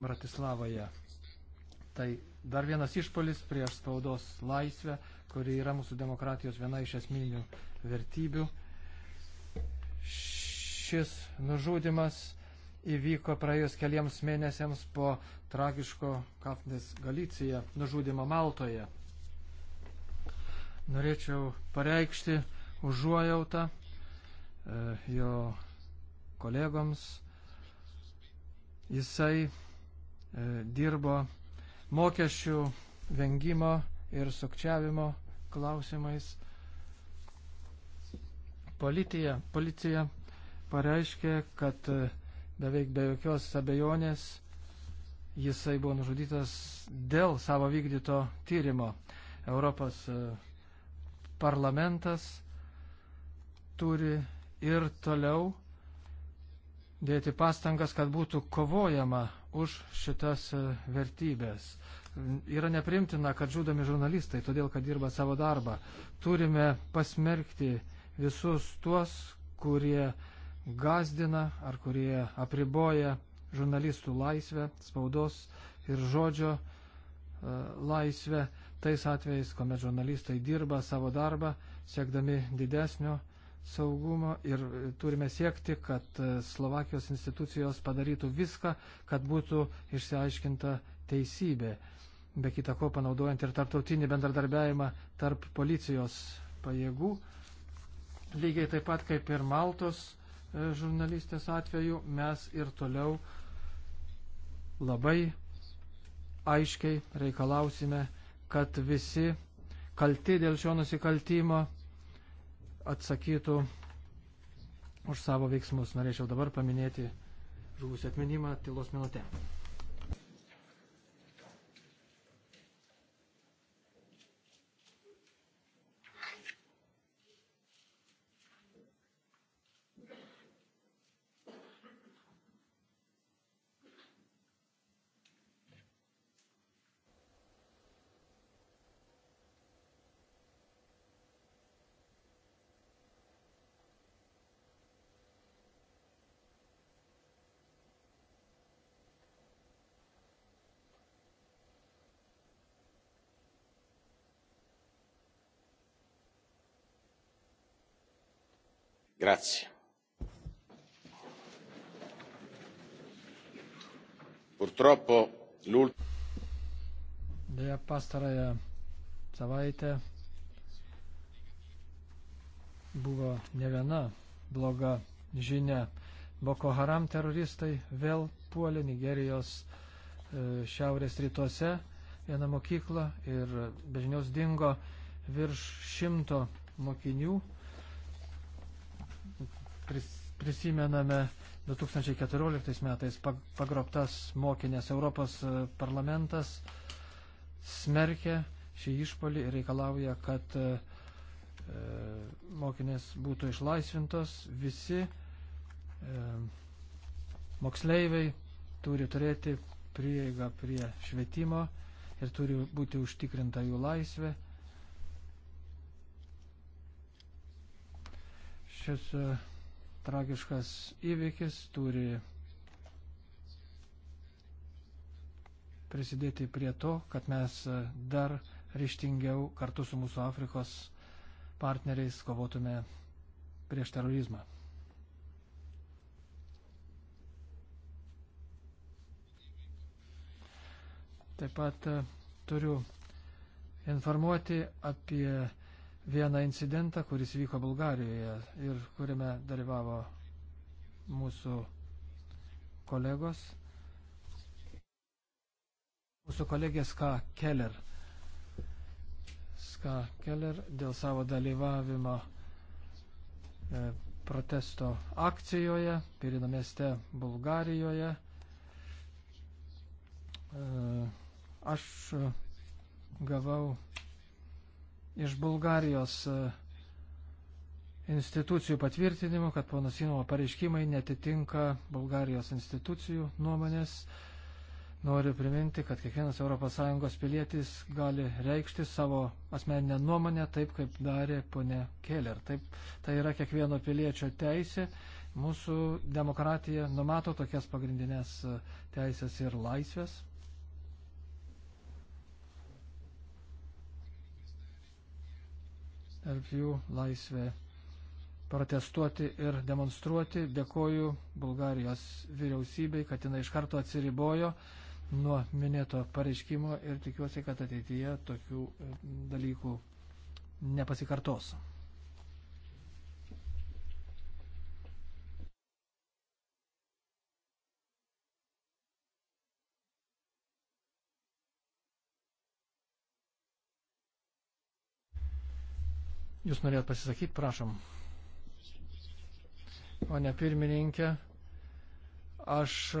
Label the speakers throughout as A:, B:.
A: Bratislavoje. Tai dar vienas išpolis prieš spaudos laisvę, kuri yra mūsų demokratijos viena iš esminių vertybių. Šis nužudimas įvyko praėjus keliems mėnesiams po tragiško Kafnės Galicija nužudimo Maltoje. Norėčiau pareikšti užuojautą e, jo kolegoms. Jisai E, dirbo mokesčių vengimo ir sukčiavimo klausimais. Policija, policija pareiškė, kad e, beveik be jokios abejonės jisai buvo nužudytas dėl savo vykdyto tyrimo. Europos e, parlamentas turi ir toliau dėti pastangas, kad būtų kovojama už šitas e, vertybės. Yra neprimtina, kad žudomi žurnalistai, todėl kad dirba savo darbą. Turime pasmerkti visus tuos, kurie gazdina ar kurie apriboja žurnalistų laisvę, spaudos ir žodžio e, laisvę, tais atvejais, kuomet žurnalistai dirba savo darbą, siekdami didesnio saugumo ir turime siekti, kad e, Slovakijos institucijos padarytų viską, kad būtų išsiaiškinta teisybė. Be kita ko, panaudojant ir tarptautinį bendradarbiavimą tarp policijos pajėgų. Lygiai taip pat kaip ir Maltos e, žurnalistės atveju, mes ir toliau labai aiškiai reikalausime, kad visi kalti dėl šio nusikaltimo atsakytų už savo veiksmus. Norėčiau dabar paminėti žuvusių atminimą tylos minutę. grazie. Purtroppo l'ultimo. Deja pastarąją savaitę buvo ne viena bloga žinia. Boko Haram teroristai vėl puolė Nigerijos e, šiaurės rytuose vieną mokyklą ir bežinios dingo virš šimto mokinių pris, prisimename 2014 metais pagrobtas mokinės Europos e, parlamentas smerkė šį išpolį ir reikalauja, kad e, e, mokinės būtų išlaisvintos. Visi e, moksleiviai turi turėti prieigą prie švietimo ir turi būti užtikrinta jų laisvė. Šis e, tragiškas įvykis turi prisidėti prie to, kad mes dar ryštingiau kartu su mūsų Afrikos partneriais kovotume prieš terorizmą. Taip pat turiu informuoti apie vieną incidentą, kuris vyko Bulgarijoje ir kuriame dalyvavo mūsų kolegos, mūsų kolegė Ska Keller. Ska Keller dėl savo dalyvavimo e, protesto akcijoje Pirino mieste Bulgarijoje. E, aš gavau iš Bulgarijos e, institucijų patvirtinimu, kad ponas Sinovo pareiškimai netitinka Bulgarijos institucijų nuomonės. Noriu priminti, kad kiekvienas ES pilietis gali reikšti savo asmeninę nuomonę taip, kaip darė ponė Keller. Taip, tai yra kiekvieno piliečio teisė. Mūsų demokratija numato tokias pagrindinės e, teisės ir laisvės. tarp jų laisvė protestuoti ir demonstruoti. Dėkoju Bulgarijos vyriausybei, kad jinai iš karto atsiribojo nuo minėto pareiškimo ir tikiuosi, kad ateityje tokių e, dalykų nepasikartos. Jūs norėjot pasisakyti, prašom. O ne pirmininkė, aš e,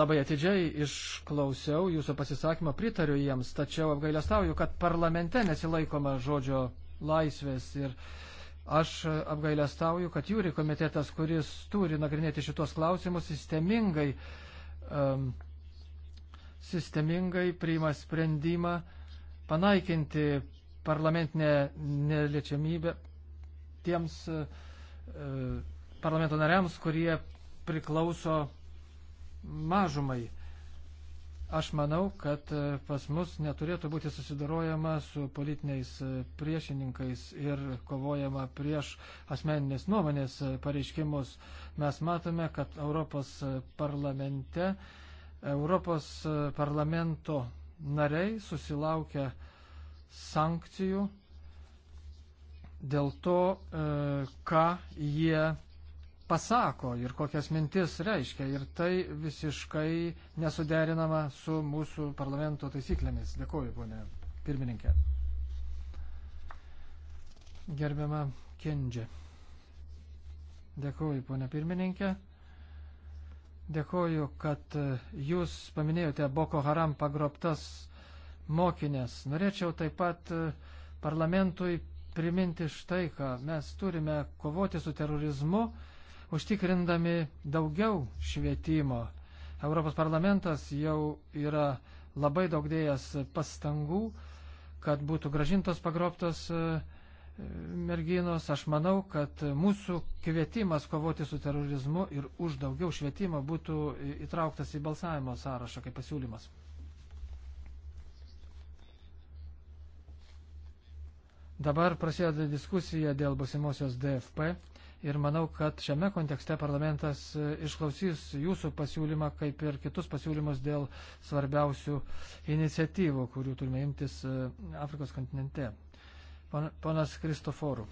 A: labai atidžiai išklausiau jūsų pasisakymą, pritariu jiems, tačiau apgailestauju, kad parlamente nesilaikoma žodžio laisvės ir aš apgailestauju, kad jūri komitetas, kuris turi nagrinėti šitos klausimus, sistemingai, um, sistemingai priima sprendimą uh, panaikinti parlamentinę neliečiamybę tiems e, parlamento nariams, kurie priklauso mažumai. Aš manau, kad e, pas mus neturėtų būti susidarojama su politiniais e, priešininkais ir kovojama prieš asmeninės nuomonės e, pareiškimus. Mes matome, kad Europos parlamente, Europos parlamento nariai susilaukia sankcijų dėl to, e, ką jie pasako ir kokias mintis reiškia. Ir tai visiškai nesuderinama su mūsų parlamento taisyklėmis. Dėkuoju, ponė pirmininkė. Gerbiama Kendžė. Dėkuoju, ponė pirmininkė. Dėkuoju, kad e, jūs paminėjote Boko Haram pagrobtas mokinės. Norėčiau taip pat e, parlamentui priminti štai, ką mes turime kovoti su terorizmu, užtikrindami daugiau švietimo. Europos parlamentas jau yra labai daug dėjęs pastangų, kad būtų gražintos pagrobtos mokinės e, merginos, aš manau, kad mūsų kvietimas kovoti su terorizmu ir už daugiau švietimo būtų įtrauktas į balsavimo sąrašą kaip pasiūlymas. Dabar prasideda diskusija dėl busimosios DFP ir manau, kad šiame kontekste parlamentas e, išklausys jūsų pasiūlymą kaip ir kitus pasiūlymus dėl svarbiausių iniciatyvų, kurių turime imtis e, Afrikos kontinente. Ponas Kristoforų.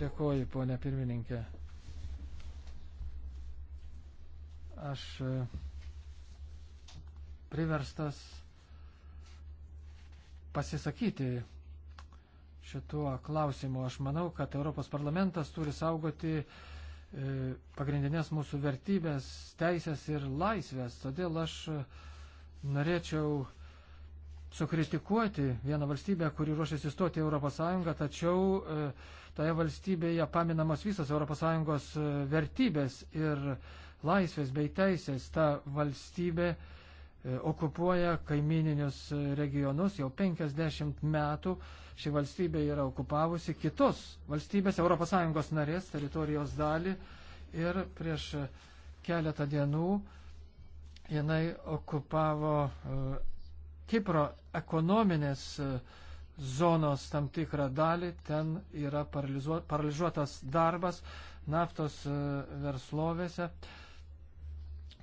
A: Dėkuoju, ponė pirmininkė. Aš e, priverstas pasisakyti šituo klausimu. Aš manau, kad Europos parlamentas turi saugoti e, pagrindinės mūsų vertybės, teisės ir laisvės. Todėl aš norėčiau sukritikuoti vieną valstybę, kuri ruošiasi įstoti Europos Sąjungą, tačiau e, toje valstybėje paminamos visos Europos Sąjungos e, vertybės ir laisvės bei teisės. Ta valstybė e, okupuoja kaimininius regionus jau 50 metų. Ši valstybė yra okupavusi kitos valstybės ES narės teritorijos dalį ir prieš keletą dienų jinai okupavo Kipro ekonominės e, zonos tam tikrą dalį, ten yra paralyžiuotas darbas naftos e, verslovėse.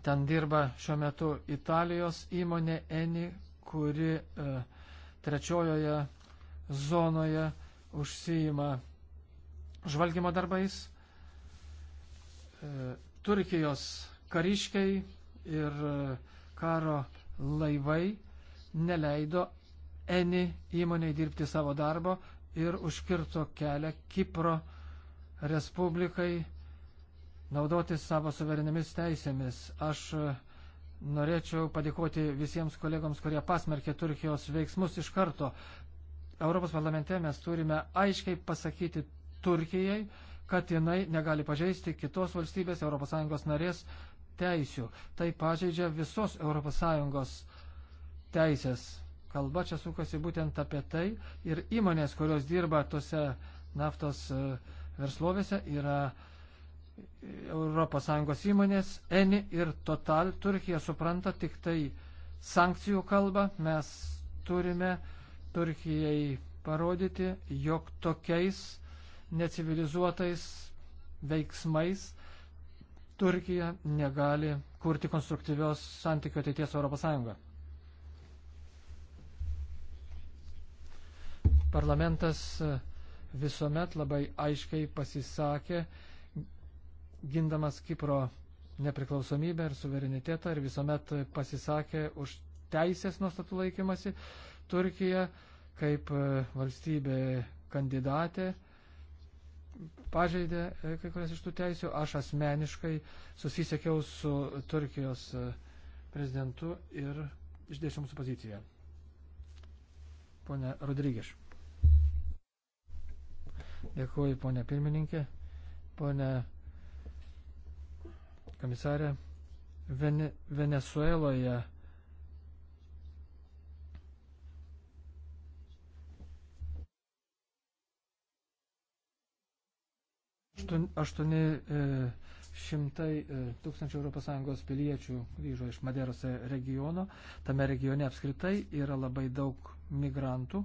A: Ten dirba šiuo metu Italijos įmonė Eni, kuri e, trečiojoje zonoje užsijima žvalgymo darbais. Turkijos kariškiai ir karo laivai neleido Eni įmoniai dirbti savo darbo ir užkirto kelią Kipro Respublikai naudotis savo suverenėmis teisėmis. Aš e, norėčiau padėkoti visiems kolegoms, kurie pasmerkė Turkijos veiksmus iš karto. Europos parlamente mes turime aiškiai pasakyti Turkijai, kad jinai negali pažeisti kitos valstybės ES narės teisių. Tai pažeidžia visos ES teisės. Kalba čia sukasi būtent apie tai ir įmonės, kurios dirba tose naftos e, verslovėse, yra ES įmonės, ENI ir Total. Turkija supranta tik tai sankcijų kalbą. Mes turime Turkijai parodyti, jog tokiais necivilizuotais veiksmais Turkija negali kurti konstruktyvios santykių ateities Europos Sąjunga. Parlamentas e, visuomet labai aiškiai pasisakė, gindamas Kipro nepriklausomybę ir suverenitetą ir visuomet pasisakė už teisės nuostatų laikymasi. Turkija kaip e, valstybė kandidatė pažeidė e, kai kurias iš tų teisių. Aš asmeniškai susisiekiau su Turkijos prezidentu ir išdėšiau mūsų poziciją. Pone Rodrygiš. Dėkuoju, ponė pirmininkė, ponė komisarė. Vene, Venezueloje aštuoni e, šimtai e, tūkstančių ES piliečių grįžo iš Maderos regiono. Tame regione apskritai yra labai daug migrantų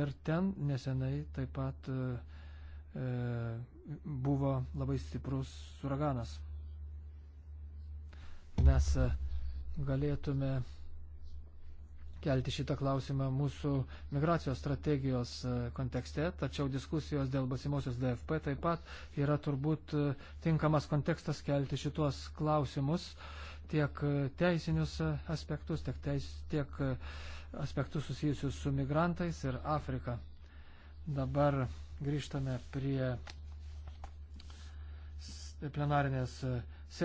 A: ir ten nesenai taip pat uh, E, buvo labai stiprus uraganas. Mes e, galėtume kelti šitą klausimą mūsų migracijos strategijos e, kontekste, tačiau diskusijos dėl basimosios DFP taip pat yra turbūt tinkamas kontekstas kelti šitos klausimus, tiek teisinius aspektus, tiek, teis, tiek aspektus susijusius su migrantais ir Afrika. Dabar Grįžtame prie plenarinės